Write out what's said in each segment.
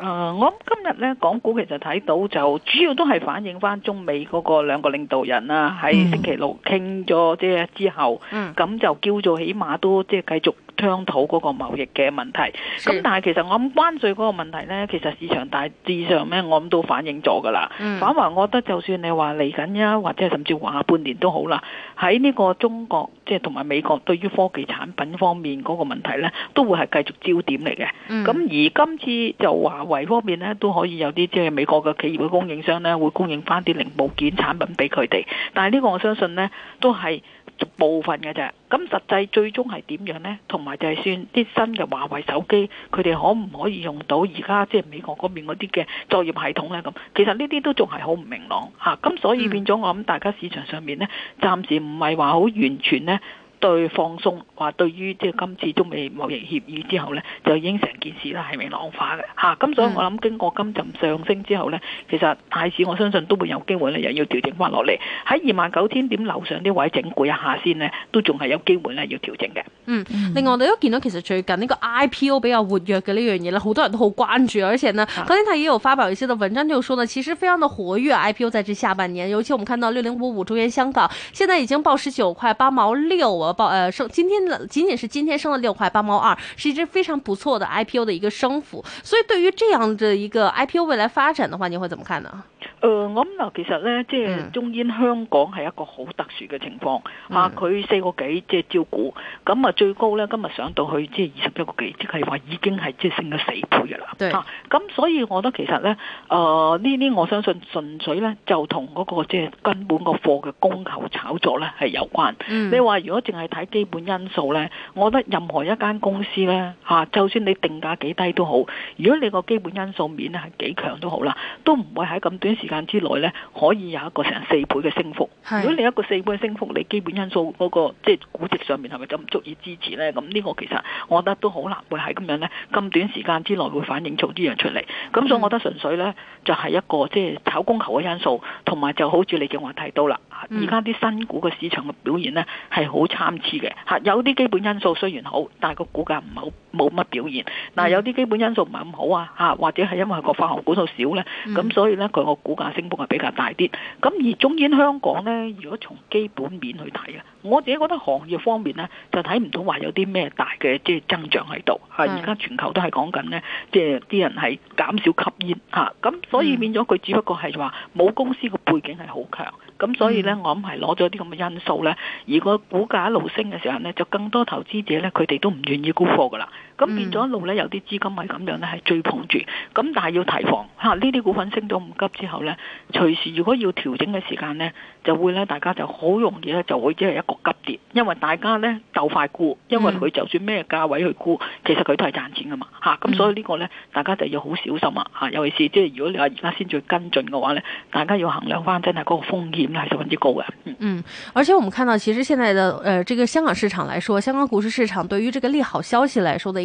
誒，uh, 我今日咧港股其實睇到就主要都係反映翻中美嗰個兩個領導人啊，喺星期六傾咗即係之後，咁、mm hmm. 就叫做起碼都即係繼續商討嗰個貿易嘅問題，咁但係其實我諗關稅嗰個問題呢，其實市場大致上呢，我諗都反映咗噶啦。嗯、反而我覺得就算你話嚟緊啊，或者甚至話下半年都好啦，喺呢個中國即係同埋美國對於科技產品方面嗰個問題呢，都會係繼續焦點嚟嘅。咁、嗯、而今次就華為方面呢，都可以有啲即係美國嘅企業嘅供應商呢，會供應翻啲零部件產品俾佢哋。但係呢個我相信呢，都係。部分嘅啫，咁實際最終係點樣呢？同埋就係算啲新嘅華為手機，佢哋可唔可以用到而家即係美國嗰邊嗰啲嘅作業系統咧？咁其實呢啲都仲係好唔明朗吓。咁所以變咗我諗大家市場上面呢，暫時唔係話好完全呢。對放鬆話對於即係今次中美貿易協議之後呢，就已經成件事啦，係咪明朗化嘅？咁、啊、所以我諗經過今陣上升之後呢，其實大市我相信都會有機會呢，又要調整翻落嚟。喺二萬九千點樓上啲位置整攰一下先呢，都仲係有機會呢，要調整嘅。嗯，嗯嗯，另外我哋都見到其實最近呢、那個 IPO 比較活躍嘅呢樣嘢呢，好多人都好關注，而且呢，今天睇有發表一些嘅文章就說呢，其實非常的活躍 IPO 在至下半年，尤其我們看到六零五五中原香港，現在已經報十九塊八毛六報呃升，今天的僅僅是今天升了六塊八毛二，是一隻非常不錯的 IPO 的一個升幅。所以對於這樣的一個 IPO 未來發展的話，你會怎麼看呢？誒，我咁嗱，其實咧，即係中煙香港係一個好特殊嘅情況嚇，佢 Yeah.、啊、四個幾即係招股，咁啊最高咧今日上到去即係二十一個幾，即係話已經係即係升咗四倍噶啦嚇，咁所以我覺得其實咧，誒呢啲我相信純粹咧就同嗰個即係根本個貨嘅供求炒作咧係有關。Mm. 你話如果淨係睇基本因素咧，我覺得任何一間公司咧嚇、啊，就算你定價幾低都好，如果你個基本因素面啊係幾強都好啦，都唔會喺咁短時時間之內咧，可以有一個成四倍嘅升幅。如果你一個四倍嘅升幅，你基本因素嗰、那個即係、就是、估值上面係咪就唔足以支持咧？咁呢個其實我覺得都好難會係咁樣咧，咁短時間之內會反映做呢樣出嚟。咁所以，我覺得純粹咧就係、是、一個即係、就是、炒供求嘅因素，同埋就好似你敬華提到啦。而家啲新股嘅市場嘅表現咧係好參差嘅嚇，有啲基本因素雖然好，但係個股價唔係好，冇乜表現。嗱，有啲基本因素唔係咁好啊嚇，或者係因為個發行股數少咧，咁、嗯、所以咧佢個股價升幅係比較大啲。咁而中煙香港咧，如果從基本面去睇啊，我自己覺得行業方面咧就睇唔到話有啲咩大嘅即係增長喺度嚇。而家是全球都係講緊咧，即係啲人係減少吸煙嚇，咁、嗯啊、所以變咗佢只不過係話母公司個背景係好強，咁所以咧。嗯我諗係攞咗啲咁嘅因素咧，如果股價一路升嘅時候咧，就更多投資者咧，佢哋都唔願意沽貨㗎啦。咁、嗯、變咗一路咧，有啲資金係咁樣咧，係追捧住。咁但係要提防嚇，呢啲股份升咗唔急之後咧，隨時如果要調整嘅時間咧，就會咧大家就好容易咧就會即係一個急跌，因為大家咧就快沽，因為佢就算咩價位去沽，嗯、其實佢都係賺錢㗎嘛嚇。咁所以這個呢個咧，大家就要好小心啊嚇。嗯、尤其是即係如果你話而家先最跟進嘅話咧，大家要衡量返真係嗰個風險係十分之高嘅。嗯，嗯而且我們看到其實現在的誒、呃，這個香港市場來說，香港股市市場對於這個利好消息來說的。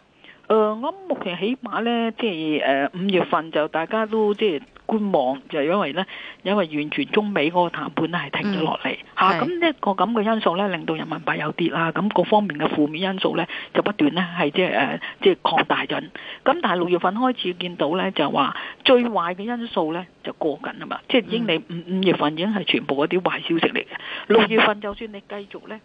誒、呃，我目前起碼咧，即係五、呃、月份就大家都即係觀望，就係因為咧，因為完全中美嗰個談判咧係停咗落嚟吓咁一個咁嘅、呢個、因素咧，令到人民幣有跌啦，咁各方面嘅負面因素咧，就不斷咧係、呃、即係即係擴大緊。咁但係六月份開始見到咧，就話最壞嘅因素咧就過緊啊嘛，嗯、即係已經你五五月份已經係全部嗰啲壞消息嚟嘅，六月份就算你繼續咧。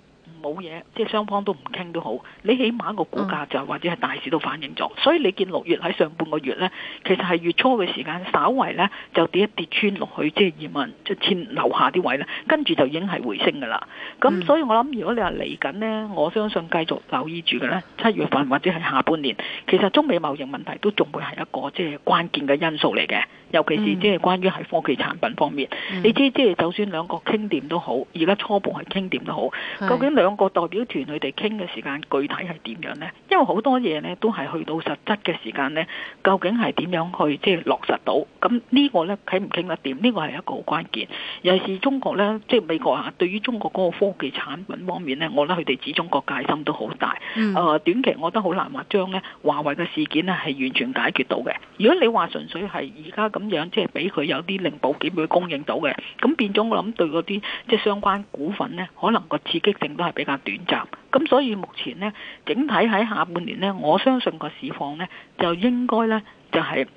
冇嘢，即係雙方都唔傾都好，你起碼個股價就或者係大市都反映咗，所以你見六月喺上半個月呢，其實係月初嘅時間稍微呢，就跌一跌穿落去即係二萬，即係穿樓下啲位呢，跟住就已經係回升噶啦。咁所以我諗如果你話嚟緊呢，我相信繼續留意住嘅呢，七月份或者係下半年，其實中美貿易問題都仲會係一個即係關鍵嘅因素嚟嘅，尤其是即係關於喺科技產品方面。嗯、你知即係就算兩個傾掂都好，而家初步係傾掂都好，究竟兩個代表團佢哋傾嘅時間具體係點樣呢？因為好多嘢呢都係去到實質嘅時間呢，究竟係點樣去即係、就是、落實到？咁呢個呢，傾唔傾得掂。呢、這個係一個好關鍵。尤其是中國呢。即係美國啊，對於中國嗰個科技產品方面呢，我覺得佢哋始終個戒心都好大。誒、嗯呃，短期我覺得好難話將呢華為嘅事件呢係完全解決到嘅。如果你話純粹係而家咁樣，即係俾佢有啲零部件給佢供應到嘅，咁變咗我諗對嗰啲即係相關股份呢，可能個刺激性都係。比較短暫，咁所以目前咧，整體喺下半年咧，我相信個市況咧，就應該咧，就係、是。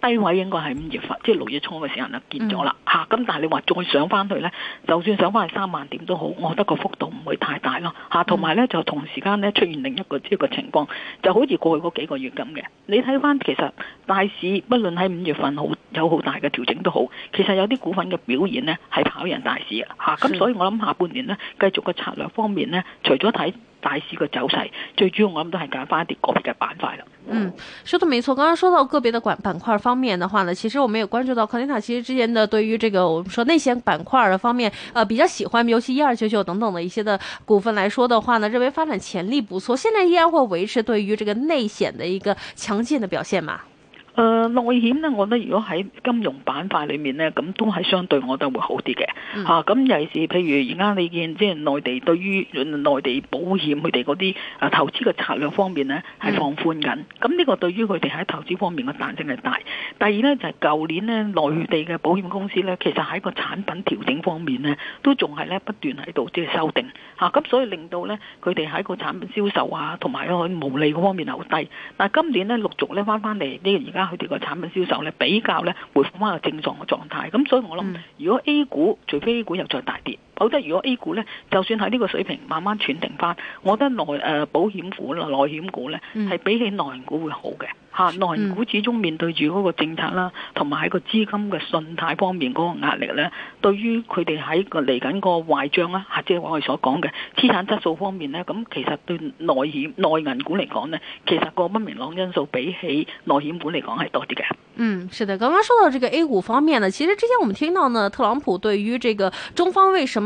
低位應該係五月份，即係六月初嘅時間就見咗啦嚇。咁、嗯、但係你話再上翻去呢，就算上翻去三萬點都好，我覺得個幅度唔會太大咯嚇。同埋、嗯、呢，就同時間呢，出現另一個即係個情況，就好似過去嗰幾個月咁嘅。你睇翻其實大市，不論喺五月份好，有好大嘅調整都好，其實有啲股份嘅表現呢係跑贏大市啊嚇。咁所以我諗下半年呢，繼續嘅策略方面呢，除咗睇。大市嘅走勢最主要我諗都係揀返一啲個別嘅板塊啦。嗯，說得冇錯，剛剛講到個別的管板塊方面嘅話呢，其實我們也關注到康妮塔，其實之前呢對於這個我們說內險板塊的方面，呃，比較喜歡，尤其一二九九等等的一些的股份來說的話呢，認為發展潛力不錯，現在依然會維持對於這個內險的一個強勁的表現嘛。誒、呃、內險咧，我覺得如果喺金融板塊裏面咧，咁都係相對我覺得會好啲嘅嚇。咁尤其是譬如而家你見即係內地對於內地保險佢哋嗰啲誒投資嘅策略方面咧，係放寬緊。咁呢、嗯啊、個對於佢哋喺投資方面嘅彈性係大。第二咧就係、是、舊年呢內地嘅保險公司咧，其實喺個產品調整方面咧，都仲係咧不斷喺度即係修訂嚇。咁、啊、所以令到咧佢哋喺個產品銷售啊，同埋佢喺毛利嗰方面係好低。但係今年咧陸續咧翻翻嚟呢，而家。佢哋個產品銷售咧，比較咧回復翻個正常嘅狀態，咁所以我諗，如果 A 股除非 A 股又再大跌。否則，如果 A 股咧，就算喺呢個水平慢慢轉定翻，我覺得內誒、呃、保險股啦、內險股咧，係比起內銀股會好嘅嚇。內銀股始終面對住嗰個政策啦，同埋喺個資金嘅信貸方面嗰個壓力咧，對於佢哋喺個嚟緊個壞帳啦，或者我哋所講嘅資產質素方面咧，咁其實對內險內銀股嚟講咧，其實個不明朗因素比起內險股嚟講係多啲嘅。嗯，是的，剛剛說到這個 A 股方面呢，其實之前我們聽到呢特朗普對於這個中方為什麼？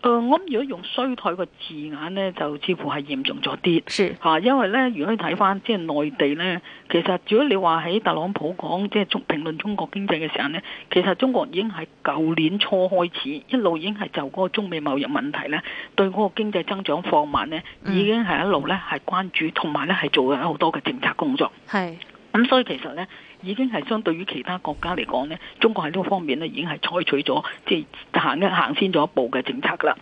誒、呃，我諗如果用衰退個字眼咧，就似乎係嚴重咗啲。是吓，因為咧，如果你睇翻即係內地咧，其實如果你話喺特朗普講即係評論中國經濟嘅時候咧，其實中國已經係舊年初開始一路已經係就嗰個中美貿易問題咧，對嗰個經濟增長放慢咧，已經係一路咧係關注，同埋咧係做緊好多嘅政策工作。係。咁所以其實咧，已經係相對於其他國家嚟講咧，中國喺呢個方面咧已經係採取咗即係行一行先咗一步嘅政策啦。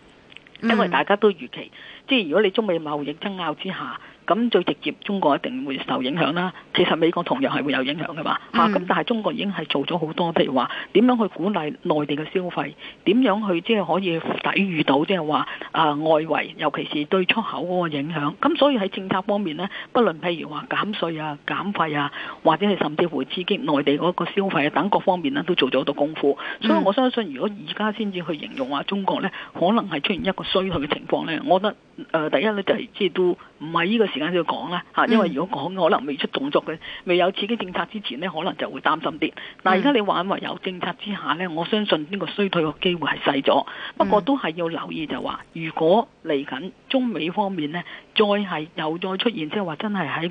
因為大家都預期，即係如果你中美貿易爭拗之下。咁最直接，中國一定會受影響啦。其實美國同樣係會有影響噶嘛，咁、嗯啊、但係中國已經係做咗好多，譬如話點樣去鼓勵內地嘅消費，點樣去即係、就是、可以抵禦到即係話啊外圍，尤其是對出口嗰個影響。咁所以喺政策方面呢，不論譬如話減稅啊、減費啊，或者係甚至乎刺激內地嗰個消費、啊、等各方面呢，都做咗好多功夫。嗯、所以我相信，如果而家先至去形容話中國呢，可能係出現一個衰退嘅情況呢。我覺得。誒、呃、第一咧就係即係都唔係呢個時間要講啦吓，因為如果講可能未出動作嘅，未有刺激政策之前咧，可能就會擔心啲。但係而家你話有政策之下咧，我相信呢個衰退嘅機會係細咗。不過都係要留意就話，如果嚟緊。中美方面呢，再係又再出現，即係話真係喺嗰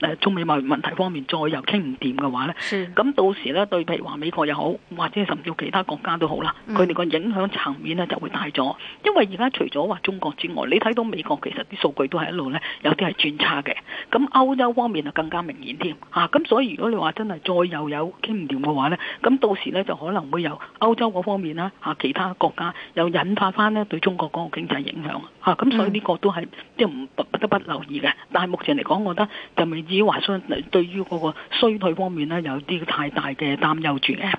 個誒中美貿易問題方面再又傾唔掂嘅話呢。咁是到時呢，對譬如話美國又好，或者甚至其他國家都好啦，佢哋個影響層面呢就會大咗。因為而家除咗話中國之外，你睇到美國其實啲數據都係一路呢，有啲係轉差嘅。咁歐洲方面就更加明顯添嚇，咁、啊、所以如果你話真係再又有傾唔掂嘅話呢，咁到時呢，就可能會有歐洲嗰方面啦嚇、啊，其他國家又引發翻呢對中國嗰個經濟影響嚇，咁、啊、所以呢、這個？個都係即係唔不得不留意嘅，但係目前嚟講，我覺得就未至於話相對於嗰個衰退方面咧，有啲太大嘅擔憂存在。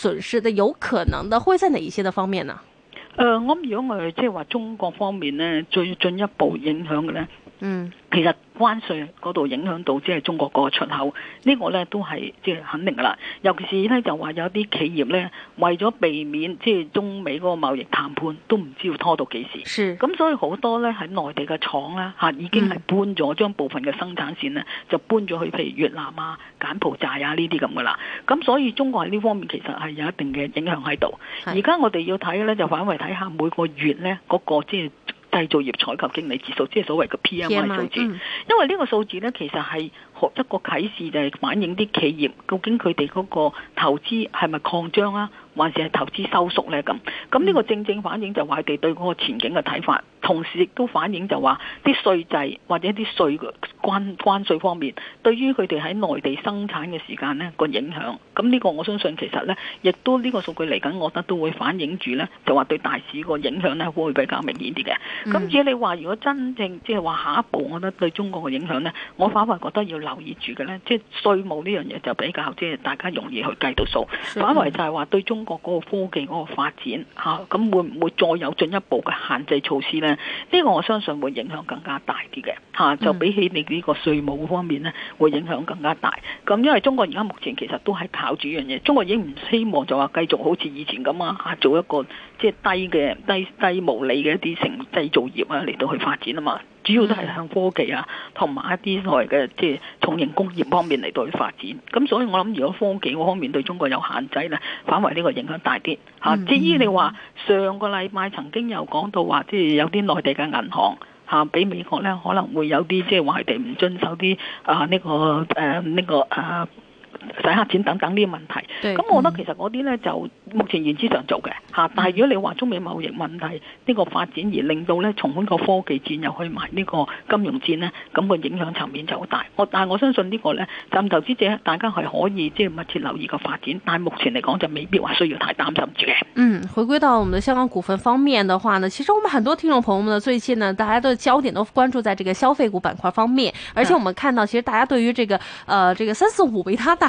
損失的有可能的會在哪一些的方面呢？誒、呃，如果我哋即係話中國方面咧，最進一步影響嘅咧。嗯，其實關稅嗰度影響到即係中國嗰個出口，這個，呢個咧都係即係肯定噶啦。尤其是咧，就話有啲企業咧為咗避免即係中美嗰個貿易談判，都唔知要拖到幾時。咁是所以好多咧喺內地嘅廠啦，吓已經係搬咗將部分嘅生產線咧，嗯、就搬咗去譬如越南啊、柬埔寨啊呢啲咁噶啦。咁所以中國喺呢方面其實係有一定嘅影響喺度。而家是我哋要睇咧就反為睇下每個月咧嗰，嗰個即係。製造業採購經理指數，即、就、係、是、所謂嘅 PMI 數字，I，嗯、因為呢個數字咧，其實係學一個啟示，就係反映啲企業究竟佢哋嗰個投資係咪擴張啊？還是係投資收縮呢？咁，咁呢個正正反映就話佢哋對嗰個前景嘅睇法，同時亦都反映就話啲稅制或者啲稅關關稅方面，對於佢哋喺內地生產嘅時間呢個影響。咁呢個我相信其實呢，亦都呢個數據嚟緊，我覺得都會反映住呢，就話對大市個影響呢會比較明顯啲嘅。咁至於你話如果真正即係話下一步，我覺得對中國嘅影響呢，我反為覺得要留意住嘅呢，即係稅務呢樣嘢就比較即係大家容易去計到數。是的反為就係話對中。中國嗰個科技嗰個發展吓，咁、啊、會唔會再有進一步嘅限制措施呢？呢、呢個我相信會影響更加大啲嘅吓，就比起你呢個稅務方面呢，會影響更加大。咁因為中國而家目前其實都係靠住樣嘢。中國已經唔希望就話繼續好似以前咁啊，做一個即係低嘅低低無理嘅一啲成製造業啊嚟，到去發展啊嘛。主要都係向科技啊，同埋一啲內嘅即係重型工業方面嚟到去發展。咁所以我諗，如果科技嗰方面對中國有限制咧，反為呢個影響大啲嚇、嗯啊。至於你話上個禮拜曾經又講到話，即係有啲內地嘅銀行嚇，俾啊美國咧可能會有啲即係話佢哋唔遵守啲啊呢個誒呢個啊。這個啊這個啊洗黑錢等等呢啲問題，咁對我覺得其實嗰啲呢就目前現之上做嘅嚇，嗯、但係如果你話中美貿易問題呢、嗯、個發展而令到呢從呢個科技戰又去埋呢個金融戰呢，咁、那個影響層面就好大。我但係我相信呢個呢，暫時投資者大家係可以即係、就是、密切留意個發展，但係目前嚟講就未必話需要太擔心住嘅。嗯，回歸到我們的香港股份方面的話呢，其實我們很多聽眾朋友們呢最近呢，大家都焦點都關注在這個消費股板塊方面，而且我們看到其實大家對於這個、嗯、呃這個三四五比他大。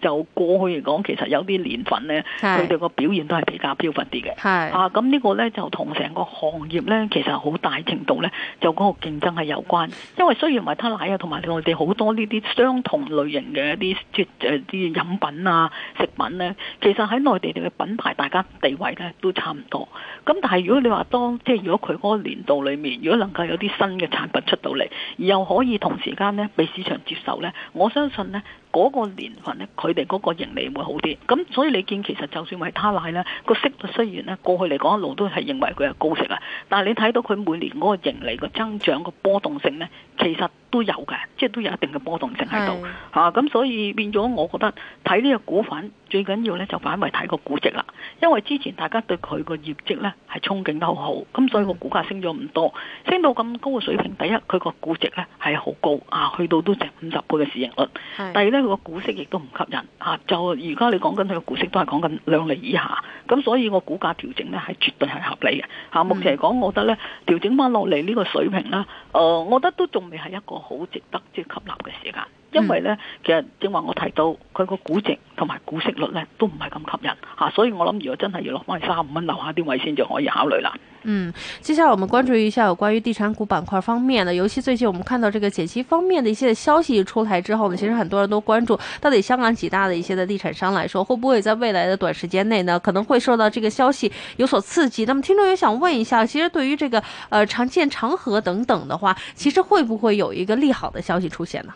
就過去嚟講，其實有啲年份咧，佢哋個表現都係比較飄忽啲嘅。係的啊，咁呢個咧就同成個行業咧，其實好大程度咧，就嗰個競爭係有關。因為雖然維他奶啊，同埋內地好多呢啲相同類型嘅一啲即係啲飲品啊、食品咧，其實喺內地哋嘅品牌，大家地位咧都差唔多。咁但係如果你話當即係如果佢嗰個年度裡面，如果能夠有啲新嘅產品出到嚟，而又可以同時間咧被市場接受咧，我相信咧嗰個年份咧佢哋嗰個盈利會好啲，咁所以你見其實就算係維他奶咧，個息率，雖然咧過去嚟講一路都係認為佢係高息啊，但係你睇到佢每年嗰個盈利個增長、個波動性咧，其實都有嘅，即係都有一定嘅波動性喺度嚇，咁是、啊、所以變咗，我覺得睇呢個股份最緊要咧就反為睇個估值啦，因為之前大家對佢個業績咧係憧憬得好好，咁所以個股價升咗唔多，升到咁高嘅水平，第一佢個估值咧係好高啊，去到都成五十倍嘅市盈率，是 第二咧佢個股息亦都唔吸引。吓，就而家你講緊佢嘅股息都係講緊兩厘以下，咁所以我股價調整咧係絕對係合理嘅吓。目前嚟講，我覺得咧調整翻落嚟呢個水平啦，誒、呃，我覺得都仲未係一個好值得即係、就是、吸納嘅時間。因為呢，其實正話我提到佢個估值同埋股息率呢都唔係咁吸引吓，所以我諗如果真係要落翻去三五蚊留下啲位先，就可以考慮啦。嗯，接下來我們關注一下有關於地產股板塊方面的，尤其最近我們看到這個減息方面的一些消息出台之後呢，其實很多人都關注，到底香港幾大的一些的地產商來說，會不會在未來的短時間內呢，可能會受到這個消息有所刺激？那麼聽眾也想問一下，其實對於這個呃長建長和等等的話，其實會不會有一個利好的消息出現呢？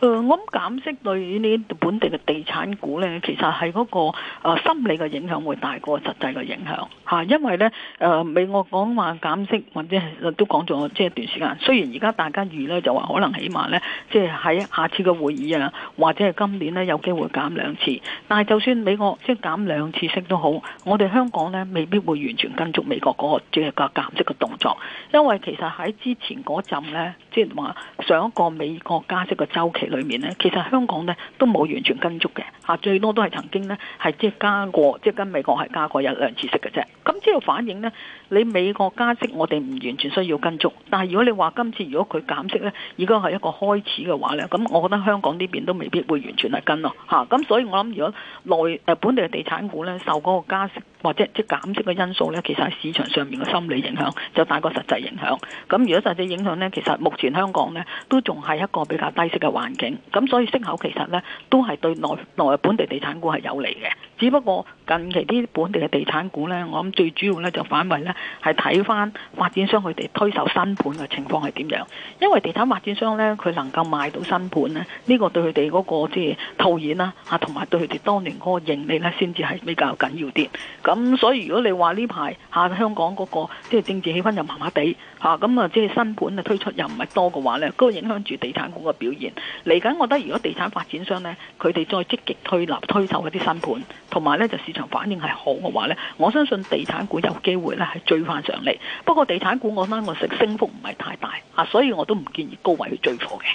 誒、嗯，我諗減息對於呢本地嘅地產股呢，其實係嗰、那個、呃、心理嘅影響會大過實際嘅影響，啊，因為呢，誒、呃、美國講話減息或者都講咗即係一段時間。雖然而家大家預呢，就話可能起碼呢，即係喺下次嘅會議啊，或者係今年呢，有機會減兩次。但係就算美國即係減兩次息都好，我哋香港呢未必會完全跟足美國嗰個即係個減息嘅動作，因為其實喺之前嗰陣呢，即係話上一個美國加息嘅周期。裏面呢，其實香港呢都冇完全跟足嘅吓，最多都係曾經呢，係即係加過，即係跟美國係加過一兩次息嘅啫。咁之後反應呢，你美國加息，我哋唔完全需要跟足。但係如果你話今次如果佢減息呢，如果係一個開始嘅話呢，咁我覺得香港呢邊都未必會完全係跟咯吓。咁所以我諗如果內、呃、本地嘅地產股呢，受嗰個加息。.或者即、就是、減息嘅因素咧，其實喺市場上面嘅心理影響，就大過實際影響。咁如果實際影響咧，其實目前香港咧都仲係一個比較低息嘅環境，咁所以息口其實咧都係對內本地地產股係有利嘅。只不過近期啲本地嘅地產股呢，我諗最主要呢就反為呢係睇翻發展商佢哋推售新盤嘅情況係點樣？因為地產發展商呢，佢能夠賣到新盤呢，呢、這個對佢哋嗰個即係套現啦，同、就、埋、是啊、對佢哋當年嗰個盈利呢，先至係比較緊要啲。咁所以如果你話呢排下香港嗰、那個即係、就是、政治氣氛又麻麻地。嚇咁啊！即係新盤啊推出又唔係多嘅話呢，都影響住地產股嘅表現。嚟緊，我覺得如果地產發展商呢，佢哋再積極推納推售嗰啲新盤，同埋呢就市場反應係好嘅話呢，我相信地產股有機會呢係追翻上嚟。不過地產股我諗我食升幅唔係太大啊，所以我都唔建議高位去追貨嘅。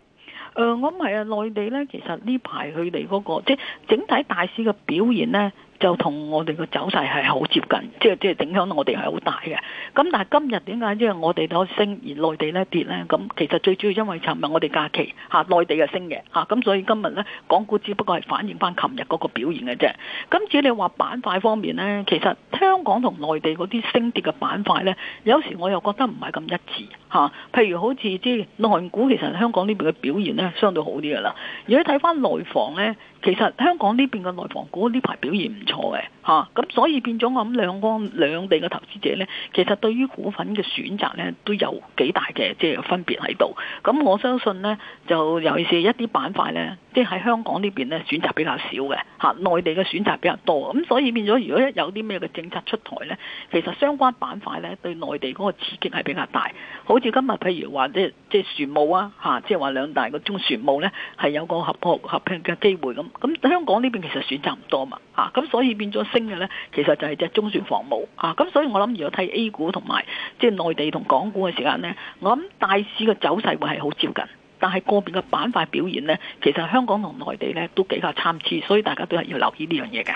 誒、呃，我唔係啊，內地咧，其實呢排佢哋嗰個即係整，整體大市嘅表現咧。就同我哋個走勢係好接近，即係即係影響我哋係好大嘅。咁但係今日點解因為我哋都升，而內地呢跌呢，咁其實最主要因為尋日我哋假期吓，內地嘅升嘅吓。咁所以今日呢，港股只不過係反映翻琴日嗰個表現嘅啫。咁至於你話板塊方面呢，其實香港同內地嗰啲升跌嘅板塊呢，有時我又覺得唔係咁一致吓。譬如好似啲內股，內其實香港呢邊嘅表現呢，相對好啲噶啦。如果睇翻內房呢。其實香港呢邊嘅內房股呢排表現唔錯嘅。嚇咁、啊、所以變咗我諗兩岸兩地嘅投資者呢，其實對於股份嘅選擇呢，都有幾大嘅即係分別喺度。咁我相信呢，就尤其是一啲板塊呢，即係喺香港呢邊呢，選擇比較少嘅嚇，內、啊、地嘅選擇比較多。咁所以變咗，如果一有啲咩嘅政策出台呢，其實相關板塊呢，對內地嗰個刺激係比較大。好似今日譬如話即即船務啊嚇、啊，即係話兩大嗰種船務呢，係有個合合合併嘅機會咁。咁香港呢邊其實選擇唔多嘛嚇，咁、啊、所以變咗。升嘅咧，其實就係隻中船防務啊！咁所以我諗，如果睇 A 股同埋即係內地同港股嘅時間咧，我諗大市嘅走勢會係好接近，但係個別嘅板塊表現咧，其實香港同內地咧都比較參差，所以大家都係要留意呢樣嘢嘅。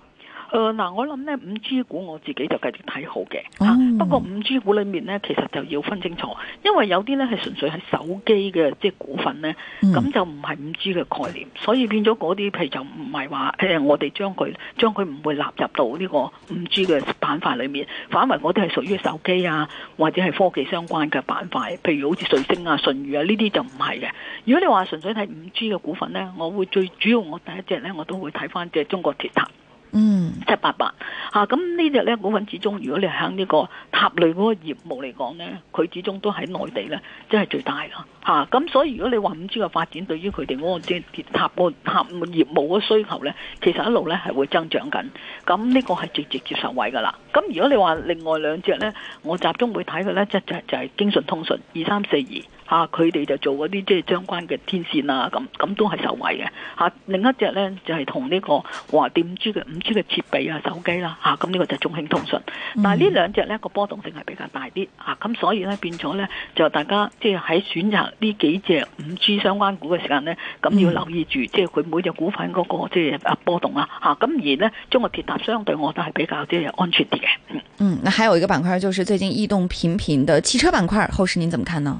誒嗱、呃，我諗咧五 G 股我自己就繼續睇好嘅。Oh. 不過五 G 股裏面咧，其實就要分清楚，因為有啲咧係純粹係手機嘅即係股份咧，咁、mm. 就唔係五 G 嘅概念，所以變咗嗰啲譬如就唔係話我哋將佢將佢唔會納入到呢個五 G 嘅板塊裏面，反為嗰啲係屬於手機啊或者係科技相關嘅板塊，譬如好似瑞星啊、順宇啊呢啲就唔係嘅。如果你話純粹睇五 G 嘅股份咧，我會最主要我第一隻咧，我都會睇翻隻中國鐵塔。嗯，七八八，吓、啊、咁呢隻咧股份始終，如果你喺呢個塔類嗰個業務嚟講咧，佢始終都喺內地咧，即係最大啦，吓、啊、咁所以如果你話五 G 嘅發展對於，對於佢哋嗰個即係塔個塔業務嘅需求咧，其實一路咧係會增長緊，咁、啊、呢個係最直接受惠噶啦。咁如果你話另外兩隻咧，我集中會睇嘅咧，即係就係京信通訊二三四二。啊！佢哋就做嗰啲即係相關嘅天線啊，咁咁都係受惠嘅。嚇、啊，另一隻咧就係同呢個華電五 G 嘅五 G 嘅設備啊、手機啦、啊，嚇咁呢個就中興通訊。但係呢兩隻咧個、嗯、波動性係比較大啲。嚇、啊、咁所以咧變咗咧就大家即係喺選擇呢幾隻五 G 相關股嘅時間咧，咁要留意住即係佢每隻股份嗰個即係波動啊嚇。咁、啊、而呢，中國鐵塔相對我覺得係比較即係安全啲嘅。嗯，嗯，那還有一個板塊就是最近異動頻頻嘅汽車板塊，後市您怎麼看呢？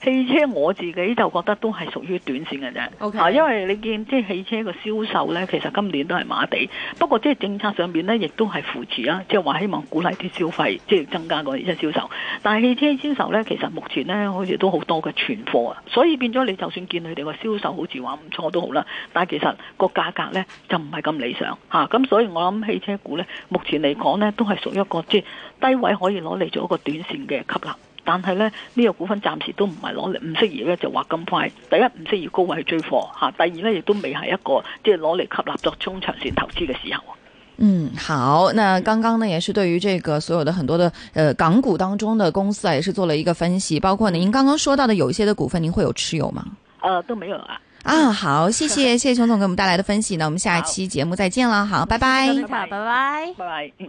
汽車我自己就覺得都係屬於短線嘅啫，Okay. 因為你見即係汽車嘅銷售呢，其實今年都係馬地。不過即係政策上面呢，亦都係扶持啦，即係話希望鼓勵啲消費，即係增加嗰啲銷售。但係汽車銷售呢，其實目前呢，好似都好多嘅存貨，所以變咗你就算見佢哋個銷售好似話唔錯都好啦，但係其實個價格呢，就唔係咁理想嚇。咁所以我諗汽車股呢，目前嚟講呢，都係屬於一個即係低位可以攞嚟做一個短線嘅吸納，但係呢，呢個股份暫時都唔係。攞嚟唔適宜咧，就話咁快。第一唔適宜高位追貨吓，第二咧亦都未係一個即係攞嚟吸納作中長線投資嘅時候。嗯，好。那剛剛呢，也是對於這個所有的很多的，呃，港股當中的公司啊，也是做了一個分析。包括呢，您剛剛說到的有一些的股份，您會有持有嗎？誒、呃，都沒有啊。啊，好，謝謝謝謝熊總給我們帶來的分析。那我們下一期節目再見啦，好，拜拜。拜拜拜，拜拜。